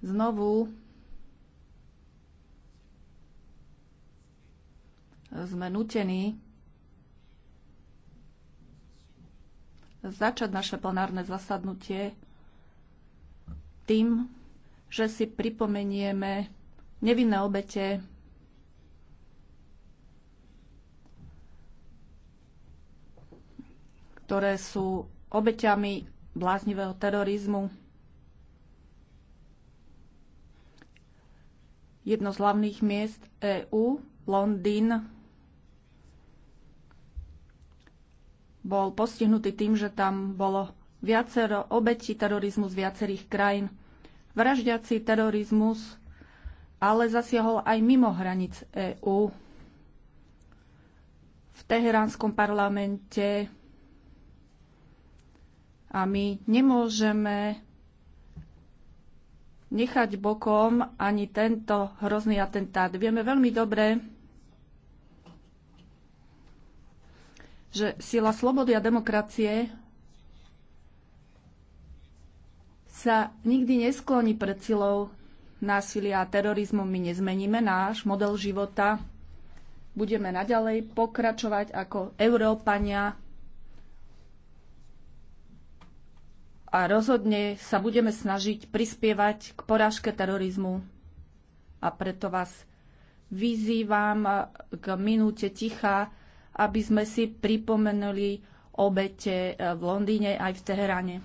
Znovu sme nutení začať naše plenárne zasadnutie tým, že si pripomenieme nevinné obete ktoré sú obeťami bláznivého terorizmu. jedno z hlavných miest EÚ, Londýn, bol postihnutý tým, že tam bolo viacero obetí terorizmu z viacerých krajín. Vraždiaci terorizmus ale zasiahol aj mimo hranic EÚ. V teheránskom parlamente a my nemôžeme nechať bokom ani tento hrozný atentát. Vieme veľmi dobre, že sila slobody a demokracie sa nikdy neskloní pred silou násilia a terorizmu. My nezmeníme náš model života. Budeme naďalej pokračovať ako Európania a rozhodne sa budeme snažiť prispievať k porážke terorizmu. A preto vás vyzývam eh, k minúte ticha, aby sme si pripomenuli obete eh, v Londýne aj v Teheráne.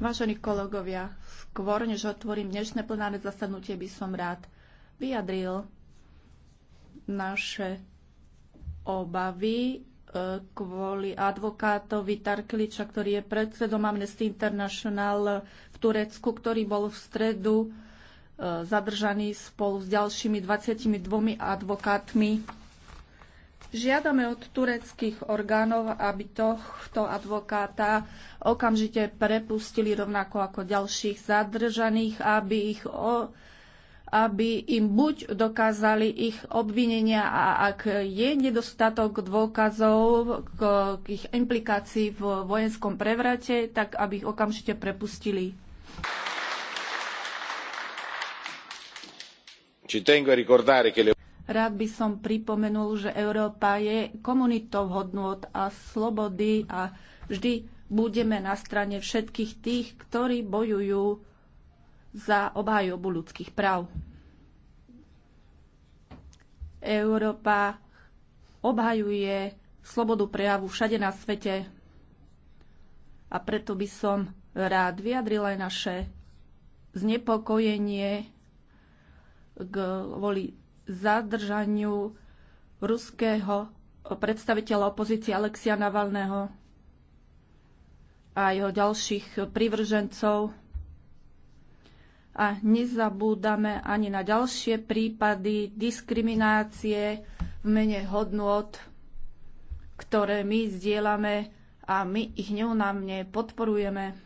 Vážení kolegovia, skôr než otvorím dnešné plenárne zasadnutie, by som rád vyjadril naše obavy e, kvôli advokátovi Tarkliča, ktorý je predsedom Amnesty International v Turecku, ktorý bol v stredu e, zadržaný spolu s ďalšími 22 advokátmi Žiadame od tureckých orgánov, aby tohto advokáta okamžite prepustili rovnako ako ďalších zadržaných, aby, ich o, aby im buď dokázali ich obvinenia a ak je nedostatok dôkazov k, k ich implikácii v vojenskom prevrate, tak aby ich okamžite prepustili. Ci tengo a ricordare che le Rád by som pripomenul, že Európa je komunitou hodnôt a slobody a vždy budeme na strane všetkých tých, ktorí bojujú za obhajobu ľudských práv. Európa obhajuje slobodu prejavu všade na svete a preto by som rád vyjadril aj naše znepokojenie kvôli zadržaniu ruského predstaviteľa opozície Alexia Navalného a jeho ďalších privržencov. A nezabúdame ani na ďalšie prípady diskriminácie v mene hodnôt, ktoré my zdieľame a my ich neunámne podporujeme.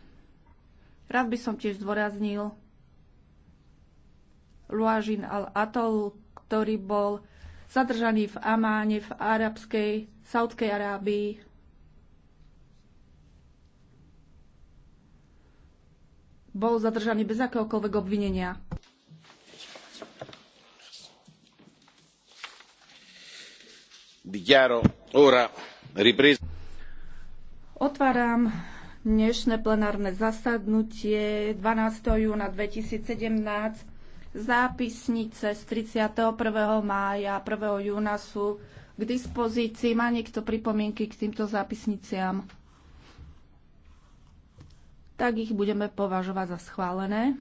Rád by som tiež zdôraznil Luažin al-Atol, ktorý bol zadržaný v Amáne, v arabskej, Saudskej Arábii. Bol zadržaný bez akéhokoľvek obvinenia. Otváram dnešné plenárne zasadnutie 12. júna 2017. Zápisnice z 31. mája a 1. júna sú k dispozícii. Má niekto pripomienky k týmto zápisniciam? Tak ich budeme považovať za schválené.